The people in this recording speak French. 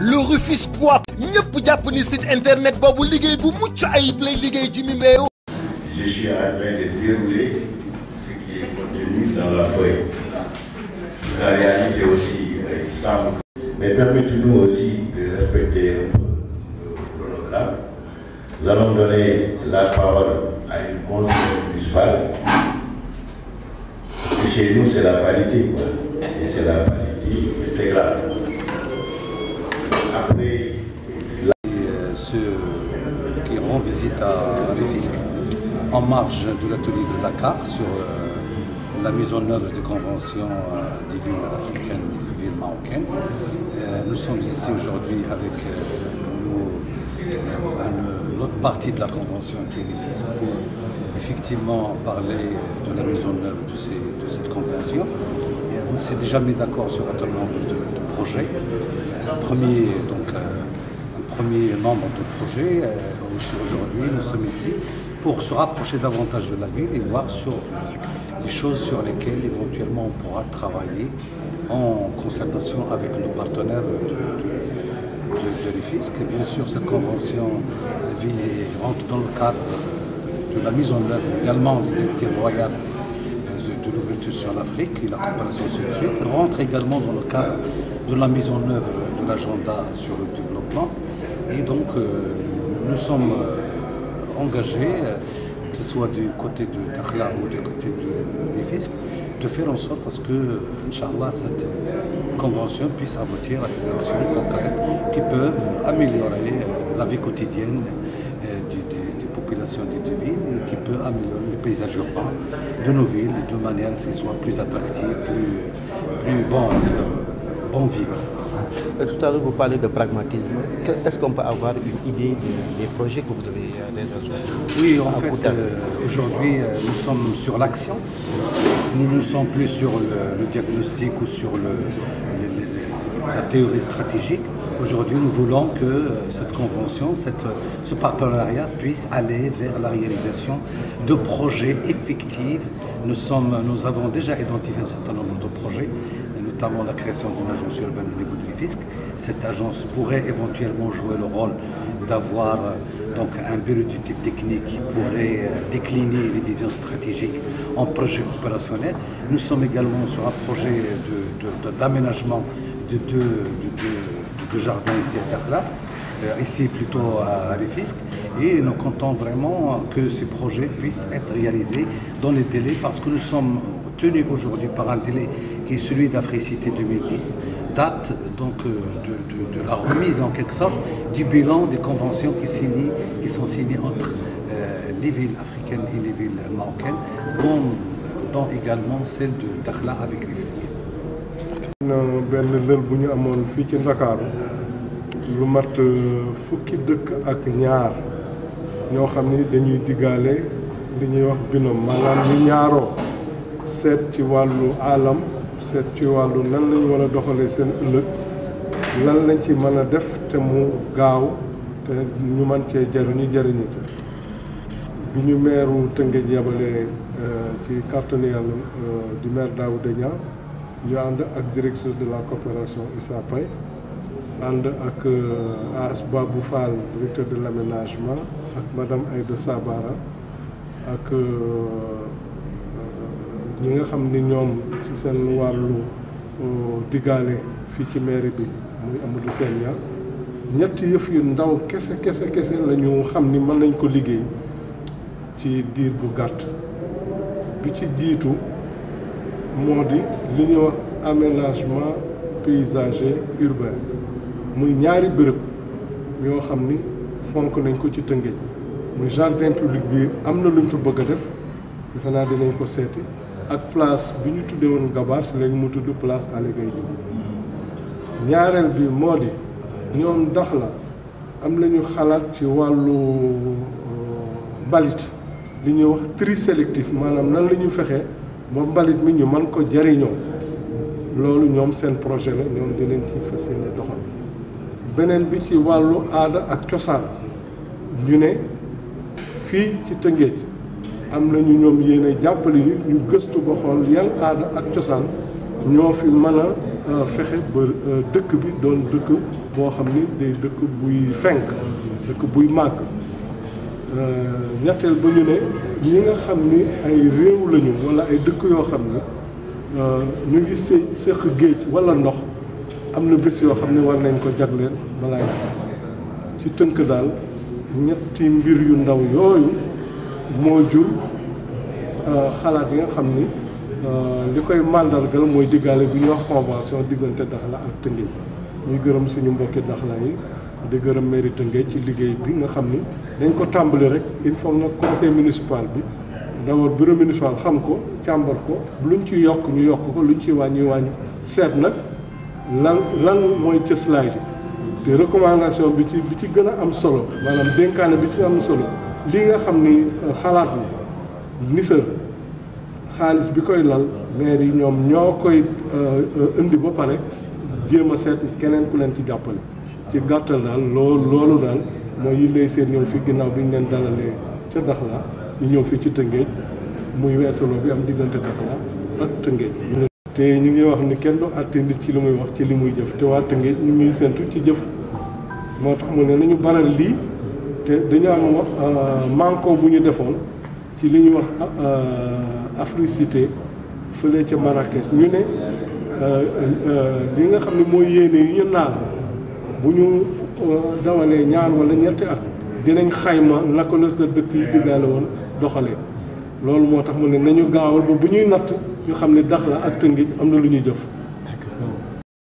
le Rufisquois ñëpp japp ni site internet bobu liggéey bu mucc ayib lay liggéey ci mim je suis en train de dérouler ce qui est contenu dans la feuille. la réalité aussi euh, semble. mais permettez-nous aussi de respecter un peu le chronogramme. nous allons donner la parole à une conseillère municipale. chez nous c'est la parité quoi et c'est la parité intégrale. en marge de l'atelier de Dakar sur euh, la mise en œuvre des conventions euh, des villes africaines et des villes marocaines. Euh, nous sommes ici aujourd'hui avec l'autre partie de la convention qui pour effectivement parler de la mise en œuvre de, cette convention. Et on s'est déjà mis d'accord sur un certain nombre de, projets. Le premier, donc, un premier nombre de projets. Aujourd'hui, nous sommes ici pour se rapprocher davantage de la ville et voir sur les choses sur lesquelles éventuellement on pourra travailler en concertation avec nos partenaires de, de, bien sûr, cette convention rentre dans le cadre de la mise en œuvre également du député royale euh, de l'ouverture sur l'Afrique et la coopération sud-sud. Elle rentre également dans le cadre de la mise en œuvre de l'agenda sur le développement. Et donc, euh, nous sommes euh, engagés, euh, que ce soit du côté de Dakhla ou du côté de l'IFISC, de faire en sorte à que, Inch'Allah, cette euh, convention puisse aboutir à des actions concrètes qui peuvent améliorer euh, la vie quotidienne des populations des deux villes, qui peut améliorer le paysage urbain de nos villes de manière à ce qu'ils soit plus attractifs, plus, plus bon, bon vivre. Euh, tout à l'heure, vous parlez de pragmatisme. Est-ce qu'on peut avoir une idée des, projets que vous avez euh, Oui, en fait, euh, aujourd'hui, nous sommes sur l'action. Nous ne sommes plus sur le, diagnostic ou sur le, la théorie stratégique. Aujourd'hui, nous voulons que cette convention, cette, ce partenariat puisse aller vers la réalisation de projets effectifs. Nous, sommes, nous avons déjà identifié un certain nombre de projets notamment la création d'une agence urbaine au niveau du fisc. Cette agence pourrait éventuellement jouer le rôle d'avoir euh, donc un bureau d'utilité technique qui pourrait euh, décliner les visions stratégiques en projet opérationnels. Nous sommes également sur un projet d'aménagement de, deux jardins ici à Dakhla, euh, ici plutôt à Rifisque. Et nous comptons vraiment que ces projets puissent être réalisés dans les délais parce que nous sommes tenu aujourd'hui par un délai qui est celui d'Africité 2010, date donc euh, de, la remise en quelque sorte du bilan des conventions qui, qui sont signées entre euh, les villes africaines et les villes marocaines, dont, également celle de Dakhla avec les seet ci wàllu aalam seet ci wàllu lan lañu war a doxalee seen ëllëg lan lañ ci mën a def te mu gaaw te ñu man cee jariñu jariñu ci bi ñu meeru Tëngéej yabalee euh, ci kàttanu yàlla euh, di maire Daouda Niang ñu ànd ak directeur de la coopération Issa ànd ak euh, AS Babou Fall directeur de l' ak madame Aïda Sabara ak ñi nga xam nous ñoom ci seen wàllu fii ci mairie bi muy Amadou faire, yu ndaw kese kese kese la ñu xam ni ko ci diir bu bi ci aménagement paysager urbain muy ñaari fonk nañ jardin public def ak place bi ñu tuddee woon Gabar léegi mu tudd place Aly Gueye ñaareel bi moo di ñoom dox la am ñu xalaat ci wàllu euh, mbalit li ñuy wax tri sélectif maanaam nan la ñu fexe ba mbalit mi ñu man ko jariñoo loolu ñoom seen projet la ñoom dinañ ci fas yéene doxal beneen bi ci wàllu aada ak cosaan ñu ne fii ci Tëngéej am nañu ñom yéene jappalé ñu ñu gëstu ba xool yan aada ak cosaan ñoo fi mëna a euh, fexe ba euh, dëkk bi doon dëkk bo xamni ni day dëkk buy fenk dëkk buy euh ñetteel ba ñu né ñi nga xam ay réew lañu wala ay dëkk yo xamni euh ñu ngi sëy sëq wala ndox amna na yo xamni war nañ ko jagleel balay ci tënk daal ñetti mbir yu ndaw yooyu moo jur euh, xalaat yi nga xam ni euh, li koy màndargal mooy diggaale bi ñuy wax convention diggante Dakhla ak Tëngéej ñuy gërëm suñu mbokki Dakhla yi di gërëm mairie Tëngéej ci liggéey bi nga xam dañ ko tàmbali rek il faut nag conseil municipal bi d'abord bureau municipal xam ko càmbar ko luñ ci yokk ñu yokk ko luñ ci wàññi wàññi seet nag lan lan mooy cëslaay bi te recommandation bi ci bi ci am solo maanaam dénkaane bi ci am solo lii nga xam ni euh, xalaat ni ni xaalis bi koy lal maire yi ñoom ñoo koy euh, indi ba pare jéem a seet keneen ku leen ci jàppale ci gàttal daal loolu loolu daal mooy yi seen ñëw fi ginnaaw bi ñu leen dalalee ca la ñu ñëw fii ci Tëngéej muy weesaloo bi am diggante Daxla ak Tëngéej te ñu ngi wax ni kenn du àtte nit ci li muy wax ci li muy jëf te waa Tëngéej ñu ngi séntu ci jëf moo tax mu ne nañu baral lii te dañu am euh, manko bu ñu defoon ci li ñuy wax euh, africité fële ca Marrakech ñu ne euh, li nga xam ne mooy yéene yu ñu naan bu ñu dawalee ñaar wala ñetti at dinañ xayma naka la ko dëkk yi diggaale woon doxalee loolu moo tax mu ne nañu gaawal ba bu ñuy natt ñu xam ne Dakhla ak Tëngéej am na lu ñuy jëf